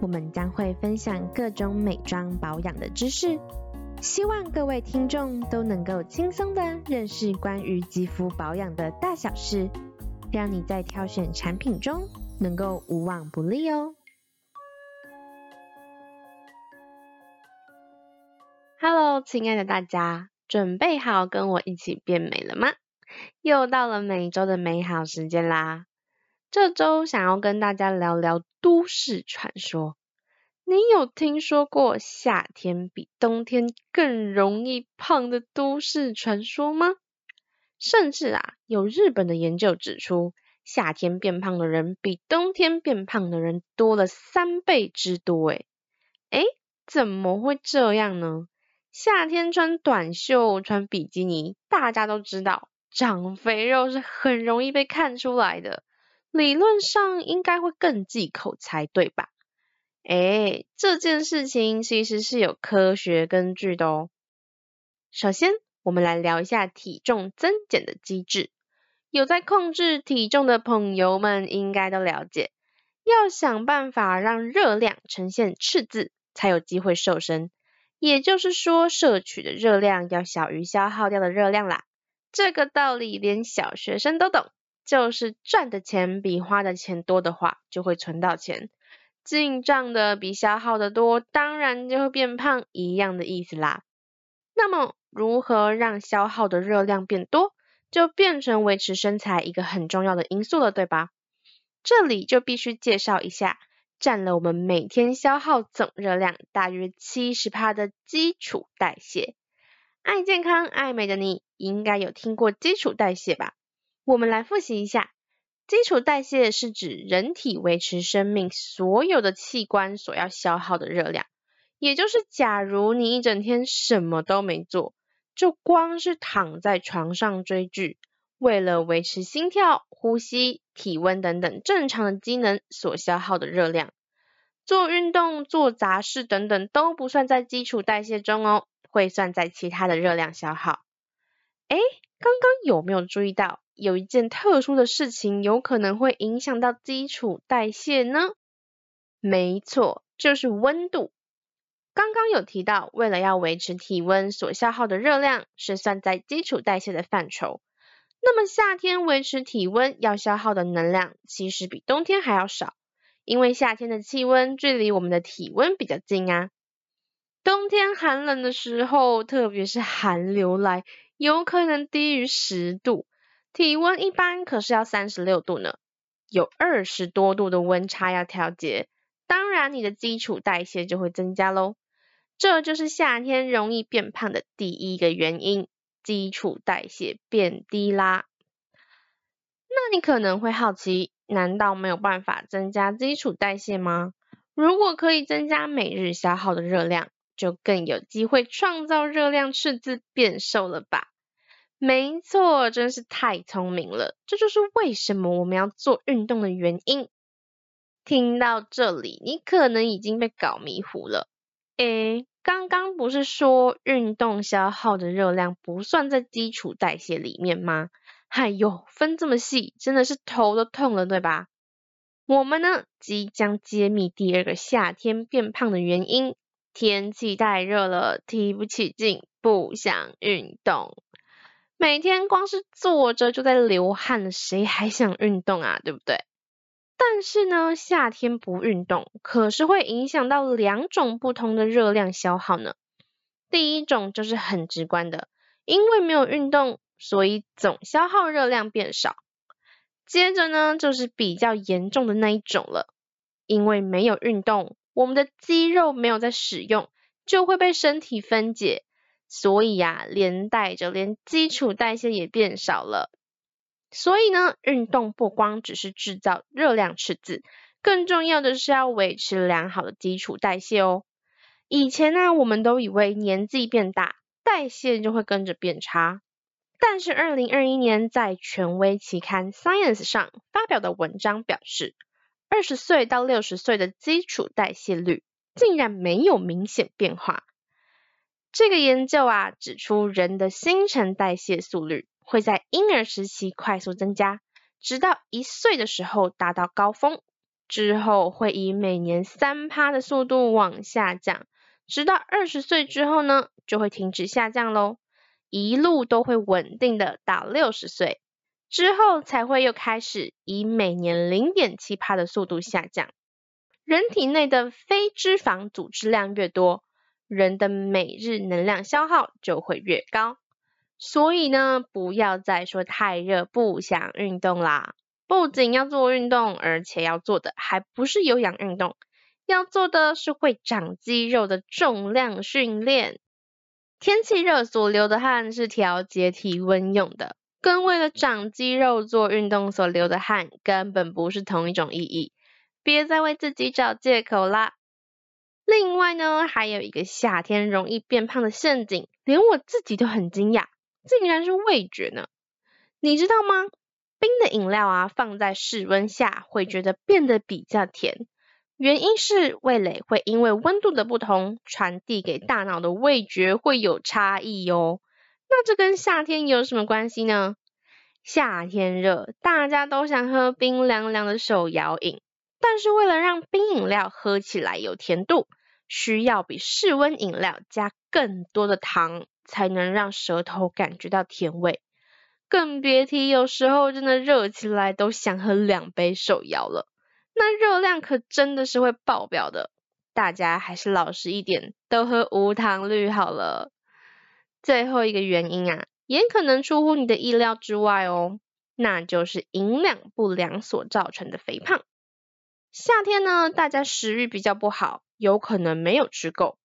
我們將會分享各種美妝保養的知識，希望各位聽眾都能夠輕鬆地認識關於肌膚保養的大小事，讓你在挑選產品中能夠無往不利哦。Hello，親愛的大家，準備好跟我一起變美了嗎？又到了每周的美好時間啦！這週想要跟大家聊聊都市傳說。你有聽說過夏天比冬天更容易胖的都市傳說嗎？甚至啊，有日本的研究指出，夏天變胖的人比冬天變胖的人多了三倍之多。誒，誒，怎麼會這樣呢？夏天穿短袖、穿比基尼，大家都知道，長肥肉是很容易被看出來的。理論上應該會更忌口才對吧？誒，這件事情其實是有科學根據的哦。首先，我們來聊一下體重增減的機制。有在控制體重的朋友們應該都了解，要想辦法讓熱量呈現赤字，才有機會瘦身。也就是說，攝取的熱量要小於消耗掉的熱量啦。這個道理連小學生都懂。就是賺的錢比花的錢多的話，就會存到錢，進賬的比消耗的多，當然就會變胖，一樣的意思啦。那麼如何讓消耗的熱量變多，就變成維持身材一個很重要的因素了，對吧？這裡就必須介紹一下，占了我們每天消耗總熱量大約百分之七十的基礎代謝。愛健康、愛美的你，應該有聽過基礎代謝吧？我們來複習一下，基礎代謝是指人體維持生命所有的器官所要消耗的熱量。也就是，假如你一整天什麼都沒做，就光是躺在床上追劇，為了維持心跳、呼吸、體溫等等正常的機能所消耗的熱量。做運動、做雜事等等都不算在基礎代謝中哦，會算在其他的熱量消耗。誒，剛剛有沒有注意到？有一件特殊的事情，有可能會影響到基礎代謝呢？沒錯，就是溫度。剛剛有提到，為了要維持體溫所消耗的熱量，是算在基礎代謝的範疇。那麼夏天維持體溫要消耗的能量，其實比冬天還要少，因為夏天的氣溫距離我們的體溫比較近啊。冬天寒冷的時候，特別是寒流來，有可能低於十度。體溫一般可是要三十六度呢，有二十多度的溫差要調節，當然你的基礎代謝就會增加嘍。這就是夏天容易變胖的第一個原因，基礎代謝變低啦。那你可能會好奇，難道沒有辦法增加基礎代謝嗎？如果可以增加每日消耗的熱量，就更有機會創造熱量赤字變瘦了吧。沒錯，真是太聰明了。這就是為什麼我們要做運動的原因。聽到這裡，你可能已經被搞迷糊了。誒，剛剛不是說運動消耗的熱量不算在基礎代謝裡面嗎？哎呦，分這麼細，真的是頭都痛了，對吧？我們呢，即將揭秘第二個夏天變胖的原因。天氣太熱了，提不起勁，不想運動。每天光是坐着就在流汗，誰還想運動啊，對不對？但是呢，夏天不運動可是會影響到兩種不同的熱量消耗呢。第一種就是很直觀的，因為沒有運動，所以總消耗熱量變少。接着呢，就是比較嚴重的那一種了，因為沒有運動，我們的肌肉沒有在使用，就會被身體分解。所以啊，連帶着連基礎代謝也變少了。所以呢，運動不光只是制造熱量赤字，更重要的是要維持良好的基礎代謝哦。以前呢，啊，我們都以為年紀變大，代謝就會跟着變差。但是2021年在權威期刊 Science 上發表的文章表示，20歲到60歲的基礎代謝率竟然沒有明顯變化。這個研究啊指出，人的新陳代謝速率會在嬰兒時期快速增加，直到一歲的時候達到高峰，之後會以每年三趴的速度往下降，直到二十歲之後呢，就會停止下降嘍，一路都會穩定的到六十歲，之後才會又開始以每年零點七趴的速度下降。人體內的非脂肪組織量越多，人的每日能量消耗就會越高，所以呢，不要再說太熱不想運動啦，不僅要做運動，而且要做的還不是有氧運動，要做的是會長肌肉的重量訓練。天氣熱所流的汗是調節體溫用的，跟為了長肌肉做運動所流的汗根本不是同一種意義，別再為自己找藉口啦。另外呢，還有一個夏天容易變胖的陷阱，連我自己都很驚訝，竟然是味覺呢。你知道嗎？冰的飲料啊，放在室溫下會覺得變得比較甜，原因是味蕾會因為溫度的不同，傳遞給大腦的味覺會有差異哦。那這跟夏天有什麼關係呢？夏天熱，大家都想喝冰涼涼的手搖飲，但是為了讓冰飲料喝起來有甜度，需要比室溫飲料加更多的糖，才能讓舌頭感覺到甜味。更別提有時候真的熱起來，都想喝兩杯手搖了，那熱量可真的是會爆表的。大家還是老實一點，都喝無糖綠好了。最後一個原因啊，也可能出乎你的意料之外哦，那就是營養不良所造成的肥胖。夏天呢，大家食慾比較不好。有可能沒有吃夠。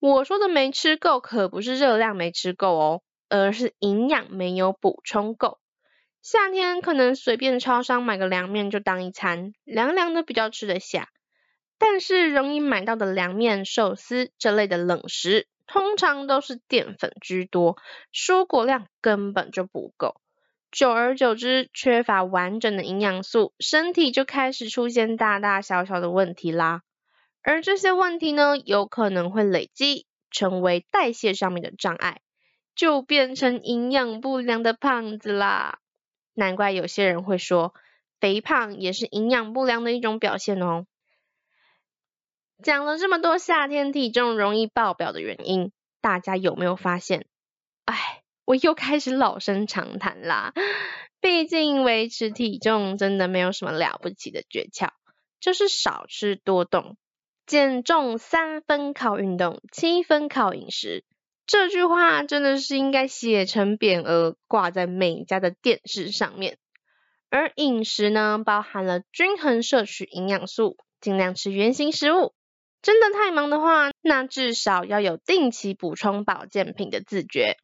我說的沒吃夠，可不是熱量沒吃夠哦，而是營養沒有補充夠。夏天可能隨便超商買個涼麵就當一餐，涼涼的比較吃得下。但是容易買到的涼麵、壽司這類的冷食，通常都是澱粉居多，蔬果量根本就不夠。久而久之，缺乏完整的營養素，身體就開始出現大大小小的問題啦。而這些問題呢，有可能會累積，成為代謝上面的障礙，就變成營養不良的胖子啦。難怪有些人會說，肥胖也是營養不良的一種表現哦。講了這麼多夏天體重容易爆表的原因，大家有沒有發現？哎，我又開始老生常談啦。畢竟維持體重真的沒有什麼了不起的訣竅，就是少吃多動。減重三分靠運動，七分靠飲食。這句話真的是應該寫成匾額掛在每家的電視上面。而飲食呢，包含了均衡攝取營養素，盡量吃原型食物。真的太忙的話，那至少要有定期補充保健品的自覺。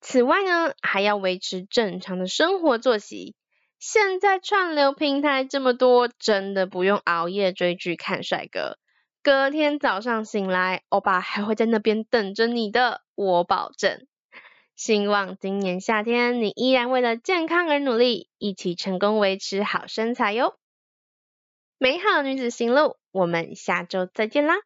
此外呢，還要維持正常的生活作息。現在串流平台這麼多，真的不用熬夜追劇看帥哥。隔天早上醒來，歐巴還會在那邊等着你的，我保證。希望今年夏天你依然為了健康而努力，一起成功維持好身材喲。美好女子行路，我們下周再見啦！